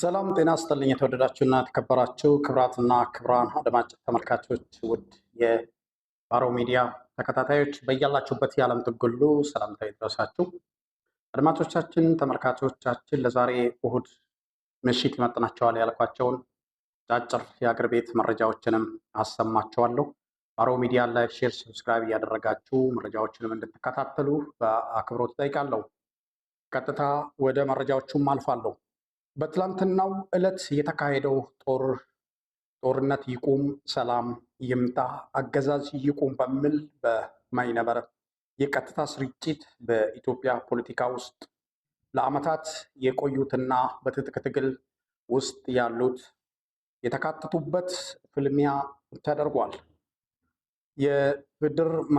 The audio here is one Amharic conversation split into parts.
ሰላም ጤና ይስጥልኝ። የተወደዳችሁና የተከበራችሁ ክብራትና ክብራን አድማጭ ተመልካቾች፣ ውድ የባሮ ሚዲያ ተከታታዮች በያላችሁበት የዓለም ትጉሉ ሰላምታ ይድረሳችሁ። አድማጮቻችን፣ ተመልካቾቻችን ለዛሬ እሁድ ምሽት ይመጥናቸዋል ያልኳቸውን አጫጭር የአገር ቤት መረጃዎችንም አሰማችኋለሁ። ባሮ ሚዲያ ላይክ፣ ሼር፣ ሰብስክራይብ እያደረጋችሁ መረጃዎችንም እንድትከታተሉ በአክብሮት ጠይቃለሁ። ቀጥታ ወደ መረጃዎቹም አልፋለሁ። በትላንትናው ዕለት የተካሄደው ጦር ጦርነት ይቁም፣ ሰላም ይምጣ፣ አገዛዝ ይቁም በሚል በማይነበረ የቀጥታ ስርጭት በኢትዮጵያ ፖለቲካ ውስጥ ለዓመታት የቆዩትና በትጥቅ ትግል ውስጥ ያሉት የተካተቱበት ፍልሚያ ተደርጓል። የፌዴሪ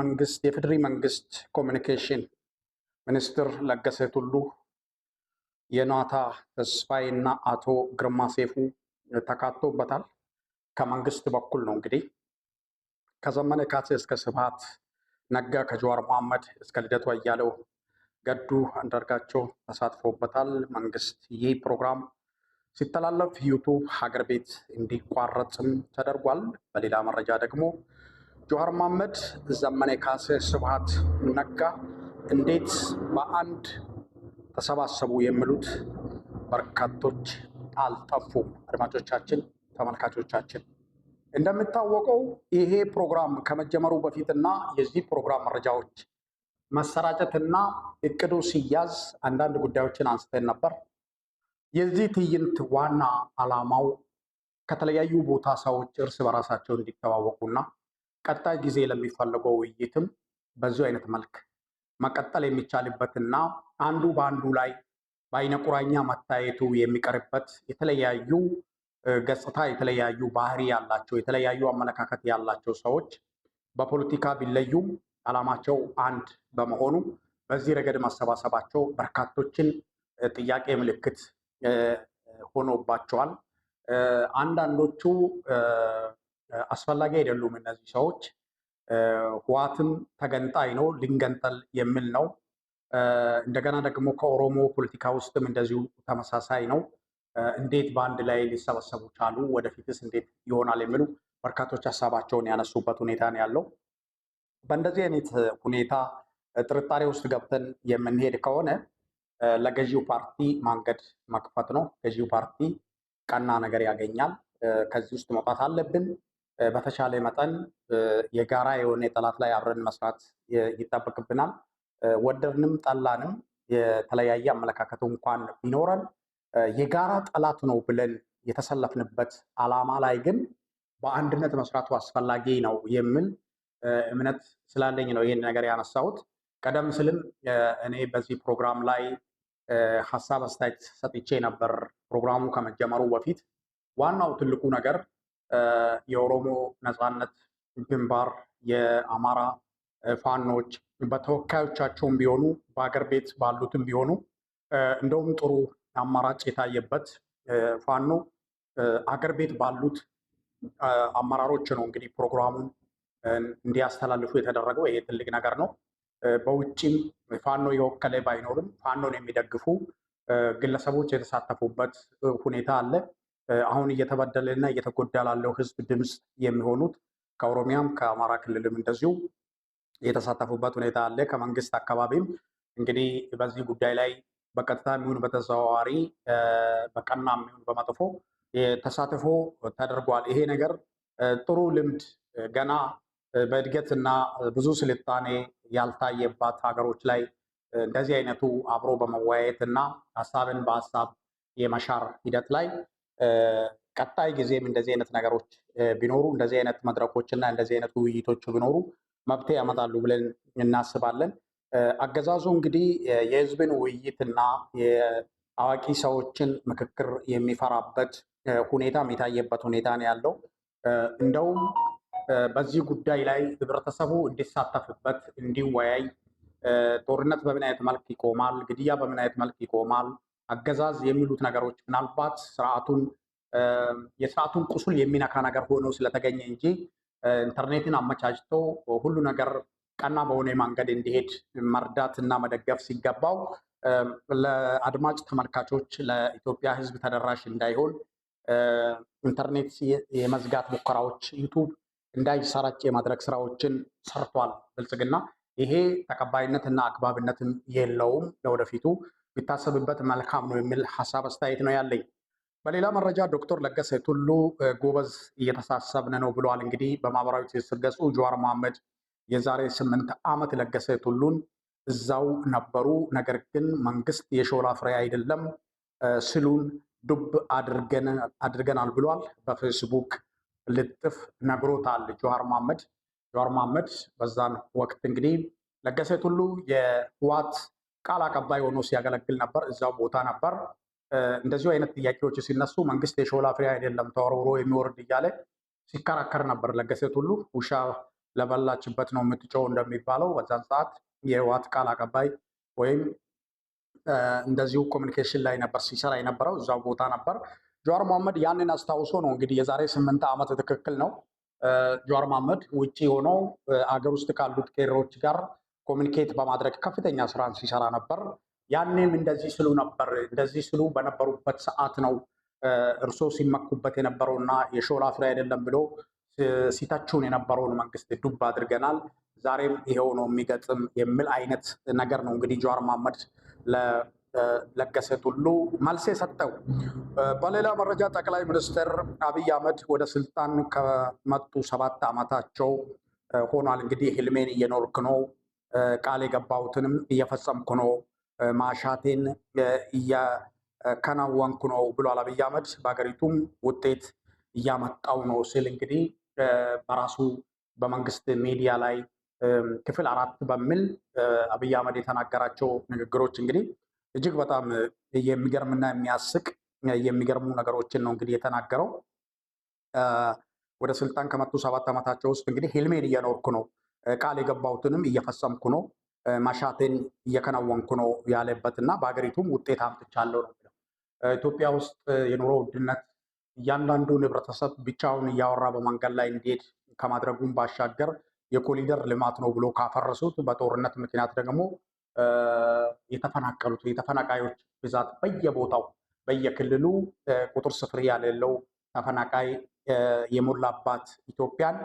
መንግስት ኮሚኒኬሽን ሚኒስትር ለገሰ ቱሉ የናታ ተስፋዬና አቶ ግርማ ሴፉ ተካቶበታል። ከመንግስት በኩል ነው እንግዲህ ከዘመነ ካሴ እስከ ስብሃት ነጋ፣ ከጀዋር መሐመድ እስከ ልደቱ አያሌው ገዱ አንዳርጋቸው ተሳትፎበታል። መንግስት ይህ ፕሮግራም ሲተላለፍ ዩቱብ ሀገር ቤት እንዲቋረጥም ተደርጓል። በሌላ መረጃ ደግሞ ጀዋር መሐመድ፣ ዘመነ ካሴ፣ ስብሃት ነጋ እንዴት በአንድ ተሰባሰቡ የሚሉት በርካቶች አልጠፉም። አድማጮቻችን፣ ተመልካቾቻችን እንደሚታወቀው ይሄ ፕሮግራም ከመጀመሩ በፊትና የዚህ ፕሮግራም መረጃዎች መሰራጨትና እቅዱ ሲያዝ አንዳንድ ጉዳዮችን አንስተን ነበር። የዚህ ትዕይንት ዋና ዓላማው ከተለያዩ ቦታ ሰዎች እርስ በራሳቸው እንዲተዋወቁና ቀጣይ ጊዜ ለሚፈልገው ውይይትም በዚሁ አይነት መልክ መቀጠል የሚቻልበትና አንዱ በአንዱ ላይ በአይነ ቁራኛ መታየቱ የሚቀርበት የተለያዩ ገጽታ የተለያዩ ባህሪ ያላቸው የተለያዩ አመለካከት ያላቸው ሰዎች በፖለቲካ ቢለዩም ዓላማቸው አንድ በመሆኑ በዚህ ረገድ ማሰባሰባቸው በርካቶችን ጥያቄ ምልክት ሆኖባቸዋል። አንዳንዶቹ አስፈላጊ አይደሉም እነዚህ ሰዎች ህዋትም ተገንጣይ ነው፣ ሊንገንጠል የሚል ነው። እንደገና ደግሞ ከኦሮሞ ፖለቲካ ውስጥም እንደዚሁ ተመሳሳይ ነው። እንዴት በአንድ ላይ ሊሰበሰቡ ቻሉ? ወደፊትስ እንዴት ይሆናል? የሚሉ በርካቶች ሀሳባቸውን ያነሱበት ሁኔታ ነው ያለው። በእንደዚህ አይነት ሁኔታ ጥርጣሬ ውስጥ ገብተን የምንሄድ ከሆነ ለገዢው ፓርቲ ማንገድ መክፈት ነው። ገዢው ፓርቲ ቀና ነገር ያገኛል። ከዚህ ውስጥ መውጣት አለብን። በተቻለ መጠን የጋራ የሆነ ጠላት ላይ አብረን መስራት ይጠበቅብናል። ወደድንም ጠላንም የተለያየ አመለካከቱ እንኳን ቢኖረን የጋራ ጠላት ነው ብለን የተሰለፍንበት ዓላማ ላይ ግን በአንድነት መስራቱ አስፈላጊ ነው የሚል እምነት ስላለኝ ነው ይህን ነገር ያነሳሁት። ቀደም ስልም እኔ በዚህ ፕሮግራም ላይ ሀሳብ አስተያየት ሰጥቼ ነበር። ፕሮግራሙ ከመጀመሩ በፊት ዋናው ትልቁ ነገር የኦሮሞ ነጻነት ግንባር፣ የአማራ ፋኖች በተወካዮቻቸውም ቢሆኑ በአገር ቤት ባሉትም ቢሆኑ እንደውም ጥሩ አማራጭ የታየበት ፋኖ አገር ቤት ባሉት አመራሮች ነው እንግዲህ ፕሮግራሙን እንዲያስተላልፉ የተደረገው። ይሄ ትልቅ ነገር ነው። በውጭም ፋኖ የወከለ ባይኖርም ፋኖን የሚደግፉ ግለሰቦች የተሳተፉበት ሁኔታ አለ። አሁን እየተበደለና እየተጎዳ ላለው ህዝብ ድምፅ የሚሆኑት ከኦሮሚያም ከአማራ ክልልም እንደዚሁ የተሳተፉበት ሁኔታ አለ። ከመንግስት አካባቢም እንግዲህ በዚህ ጉዳይ ላይ በቀጥታ የሚሆን በተዘዋዋሪ በቀና የሚሆን በመጥፎ ተሳትፎ ተደርጓል። ይሄ ነገር ጥሩ ልምድ ገና በእድገትና ብዙ ስልጣኔ ያልታየባት ሀገሮች ላይ እንደዚህ አይነቱ አብሮ በመወያየት እና ሀሳብን በሀሳብ የመሻር ሂደት ላይ ቀጣይ ጊዜም እንደዚህ አይነት ነገሮች ቢኖሩ እንደዚህ አይነት መድረኮችና እንደዚህ አይነት ውይይቶች ቢኖሩ መብቴ ያመጣሉ ብለን እናስባለን። አገዛዙ እንግዲህ የህዝብን ውይይትና የአዋቂ ሰዎችን ምክክር የሚፈራበት ሁኔታ የታየበት ሁኔታ ነው ያለው። እንደውም በዚህ ጉዳይ ላይ ህብረተሰቡ እንዲሳተፍበት፣ እንዲወያይ ጦርነት በምን አይነት መልክ ይቆማል፣ ግድያ በምን አይነት መልክ ይቆማል አገዛዝ የሚሉት ነገሮች ምናልባት ስርዓቱን የስርዓቱን ቁስል የሚነካ ነገር ሆኖ ስለተገኘ እንጂ ኢንተርኔትን አመቻችቶ ሁሉ ነገር ቀና በሆነ መንገድ እንዲሄድ መርዳት እና መደገፍ ሲገባው ለአድማጭ ተመልካቾች ለኢትዮጵያ ሕዝብ ተደራሽ እንዳይሆን ኢንተርኔት የመዝጋት ሙከራዎች ዩቱብ እንዳይሰራጭ የማድረግ ስራዎችን ሰርቷል ብልጽግና። ይሄ ተቀባይነት እና አግባብነትም የለውም ለወደፊቱ ቢታሰብበት መልካም ነው የሚል ሀሳብ አስተያየት ነው ያለኝ። በሌላ መረጃ ዶክተር ለገሰ ቱሉ ጎበዝ እየተሳሰብን ነው ብለዋል። እንግዲህ በማህበራዊ ትስስር ገጹ ጀዋር መሐመድ የዛሬ ስምንት ዓመት ለገሰ ቱሉን እዛው ነበሩ፣ ነገር ግን መንግስት የሾላ ፍሬ አይደለም ስሉን ዱብ አድርገናል ብሏል። በፌስቡክ ልጥፍ ነግሮታል ጀዋር መሐመድ ጀዋር መሐመድ በዛን ወቅት እንግዲህ ለገሰ ቱሉ የህዋት ቃል አቀባይ ሆኖ ሲያገለግል ነበር። እዛው ቦታ ነበር። እንደዚሁ አይነት ጥያቄዎች ሲነሱ መንግስት የሾላ ፍሬ አይደለም ተወርውሮ የሚወርድ እያለ ሲከራከር ነበር። ለገሰ ሁሉ ውሻ ለበላችበት ነው የምትጮው እንደሚባለው በዛን ሰዓት የህወሓት ቃል አቀባይ ወይም እንደዚሁ ኮሚኒኬሽን ላይ ነበር ሲሰራ የነበረው እዛው ቦታ ነበር። ጀዋር መሐመድ ያንን አስታውሶ ነው እንግዲህ የዛሬ ስምንት ዓመት ትክክል ነው። ጀዋር መሐመድ ውጭ ሆኖ አገር ውስጥ ካሉት ቄሮች ጋር ኮሚኒኬት በማድረግ ከፍተኛ ስራን ሲሰራ ነበር። ያኔም እንደዚህ ስሉ ነበር። እንደዚህ ስሉ በነበሩበት ሰዓት ነው እርሶ ሲመኩበት የነበረውና የሾላ ፍሬ አይደለም ብሎ ሲተቹን የነበረውን መንግስት ዱብ አድርገናል፣ ዛሬም ይሄው ነው የሚገጥም የሚል አይነት ነገር ነው እንግዲህ ጀዋር መሐመድ ለገሰ ቱሉ መልስ የሰጠው። በሌላ መረጃ ጠቅላይ ሚኒስትር አብይ አህመድ ወደ ስልጣን ከመጡ ሰባት ዓመታቸው ሆኗል። እንግዲህ ህልሜን እየኖርክ ነው ቃል የገባሁትንም እየፈጸምኩ ነው፣ ማሻቴን እያከናወንኩ ነው ብሏል አብይ አህመድ። በሀገሪቱም ውጤት እያመጣው ነው ሲል እንግዲህ በራሱ በመንግስት ሚዲያ ላይ ክፍል አራት በሚል አብይ አህመድ የተናገራቸው ንግግሮች እንግዲህ እጅግ በጣም የሚገርምና የሚያስቅ የሚገርሙ ነገሮችን ነው እንግዲህ የተናገረው። ወደ ስልጣን ከመጡ ሰባት ዓመታቸው ውስጥ እንግዲህ ህልሜን እየኖርኩ ነው ቃል የገባሁትንም እየፈጸምኩ ነው፣ ማሻቴን እየከናወንኩ ነው ያለበት እና በሀገሪቱም ውጤት አምጥቻለሁ ነው። ኢትዮጵያ ውስጥ የኑሮ ውድነት እያንዳንዱ ህብረተሰብ ብቻውን እያወራ በመንገድ ላይ እንዲሄድ ከማድረጉም ባሻገር የኮሊደር ልማት ነው ብሎ ካፈረሱት በጦርነት ምክንያት ደግሞ የተፈናቀሉት የተፈናቃዮች ብዛት በየቦታው በየክልሉ ቁጥር ስፍር ያሌለው ተፈናቃይ የሞላባት ኢትዮጵያን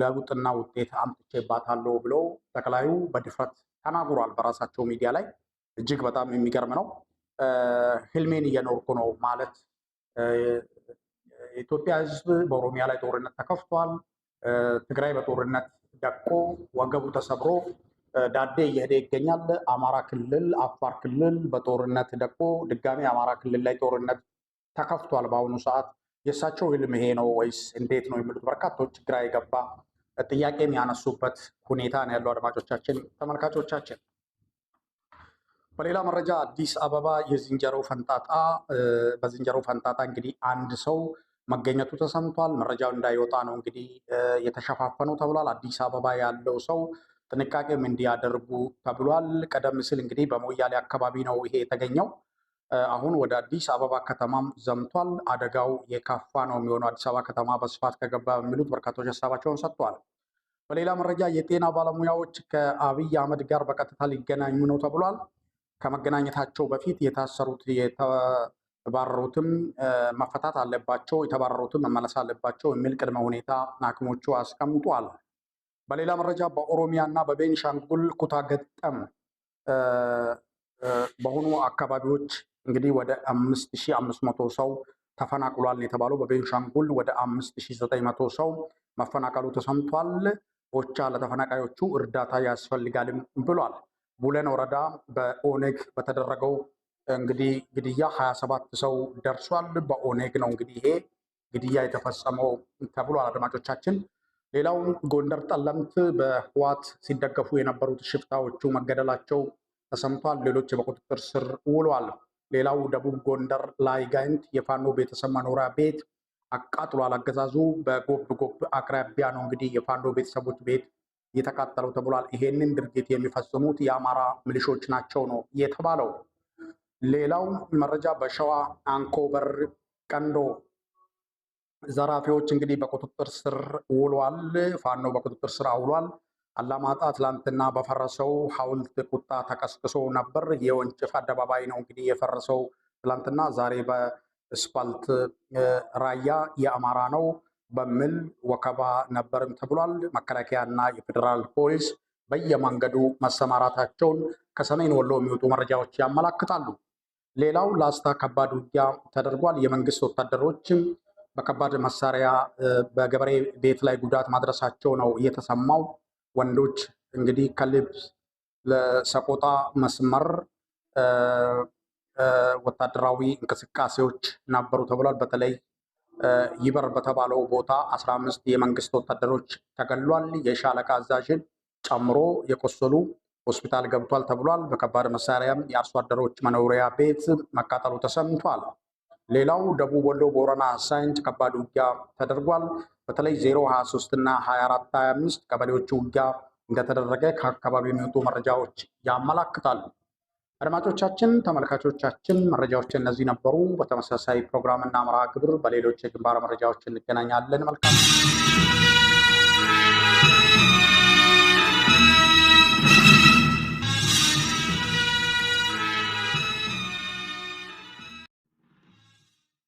ለውጥና ውጤት አምጥቼባታለሁ ብሎ ጠቅላዩ በድፍረት ተናግሯል በራሳቸው ሚዲያ ላይ። እጅግ በጣም የሚገርም ነው። ህልሜን እየኖርኩ ነው ማለት የኢትዮጵያ ህዝብ በኦሮሚያ ላይ ጦርነት ተከፍቷል። ትግራይ በጦርነት ደቆ ወገቡ ተሰብሮ ዳዴ እየሄደ ይገኛል። አማራ ክልል፣ አፋር ክልል በጦርነት ደቆ ድጋሚ አማራ ክልል ላይ ጦርነት ተከፍቷል በአሁኑ ሰዓት የእሳቸው ህልም ይሄ ነው ወይስ እንዴት ነው የሚሉት በርካቶች ግራ የገባ ጥያቄም ያነሱበት ሁኔታ ነው ያለው። አድማጮቻችን፣ ተመልካቾቻችን በሌላ መረጃ አዲስ አበባ የዝንጀሮ ፈንጣጣ በዝንጀሮ ፈንጣጣ እንግዲህ አንድ ሰው መገኘቱ ተሰምቷል። መረጃው እንዳይወጣ ነው እንግዲህ የተሸፋፈነው ተብሏል። አዲስ አበባ ያለው ሰው ጥንቃቄም እንዲያደርጉ ተብሏል። ቀደም ሲል እንግዲህ በሞያሌ አካባቢ ነው ይሄ የተገኘው። አሁን ወደ አዲስ አበባ ከተማም ዘምቷል። አደጋው የከፋ ነው የሚሆነው አዲስ አበባ ከተማ በስፋት ከገባ በሚሉት በርካቶች ሀሳባቸውን ሰጥቷል። በሌላ መረጃ የጤና ባለሙያዎች ከአብይ አህመድ ጋር በቀጥታ ሊገናኙ ነው ተብሏል። ከመገናኘታቸው በፊት የታሰሩት የተባረሩትም መፈታት አለባቸው፣ የተባረሩትም መመለስ አለባቸው የሚል ቅድመ ሁኔታ ሐኪሞቹ አስቀምጧል። በሌላ መረጃ በኦሮሚያ እና በቤንሻንጉል ኩታ ገጠም በሆኑ አካባቢዎች እንግዲህ ወደ 5500 ሺ ሰው ተፈናቅሏል የተባለው በቤንሻንጉል ወደ 5900 መቶ ሰው መፈናቀሉ ተሰምቷል። ቦቻ ለተፈናቃዮቹ እርዳታ ያስፈልጋልም ብሏል። ቡለን ወረዳ በኦኔግ በተደረገው እንግዲህ ግድያ 27 ሰው ደርሷል። በኦኔግ ነው እንግዲህ ይሄ ግድያ የተፈጸመው ተብሏል። አድማጮቻችን ሌላው ጎንደር ጠለምት በህዋት ሲደገፉ የነበሩት ሽፍታዎቹ መገደላቸው ተሰምቷል። ሌሎች በቁጥጥር ስር ውሏል። ሌላው ደቡብ ጎንደር ላይ ጋይንት የፋኖ ቤተሰብ መኖሪያ ቤት አቃጥሏል። አገዛዙ በጎብ ጎብ አቅራቢያ ነው እንግዲህ የፋኖ ቤተሰቦች ቤት የተቃጠለው ተብሏል። ይሄንን ድርጊት የሚፈጽሙት የአማራ ሚሊሾች ናቸው ነው የተባለው። ሌላው መረጃ በሸዋ አንኮበር ቀንዶ ዘራፊዎች እንግዲህ በቁጥጥር ስር ውሏል። ፋኖ በቁጥጥር ስር አውሏል። አላማጣ ትላንትና በፈረሰው ሐውልት ቁጣ ተቀስቅሶ ነበር። የወንጭፍ አደባባይ ነው እንግዲህ የፈረሰው ትላንትና። ዛሬ በስፓልት ራያ የአማራ ነው በሚል ወከባ ነበርም ተብሏል። መከላከያና የፌዴራል ፖሊስ በየመንገዱ መሰማራታቸውን ከሰሜን ወሎ የሚወጡ መረጃዎች ያመላክታሉ። ሌላው ላስታ ከባድ ውጊያ ተደርጓል። የመንግስት ወታደሮችም በከባድ መሳሪያ በገበሬ ቤት ላይ ጉዳት ማድረሳቸው ነው እየተሰማው ወንዶች እንግዲህ ከሌብ ለሰቆጣ መስመር ወታደራዊ እንቅስቃሴዎች ነበሩ ተብሏል። በተለይ ይበር በተባለው ቦታ አስራ አምስት የመንግስት ወታደሮች ተገሏል። የሻለቃ አዛዥን ጨምሮ የቆሰሉ ሆስፒታል ገብቷል ተብሏል። በከባድ መሳሪያም የአርሶ አደሮች መኖሪያ ቤት መቃጠሉ ተሰምቷል። ሌላው ደቡብ ወሎ ቦረና ሳይንት ከባድ ውጊያ ተደርጓል። በተለይ 023 እና 2425 ቀበሌዎቹ ውጊያ እንደተደረገ ከአካባቢ የሚወጡ መረጃዎች ያመላክታሉ። አድማጮቻችን፣ ተመልካቾቻችን መረጃዎች እነዚህ ነበሩ። በተመሳሳይ ፕሮግራምና መርሃ ግብር በሌሎች የግንባር መረጃዎች እንገናኛለን። መልካም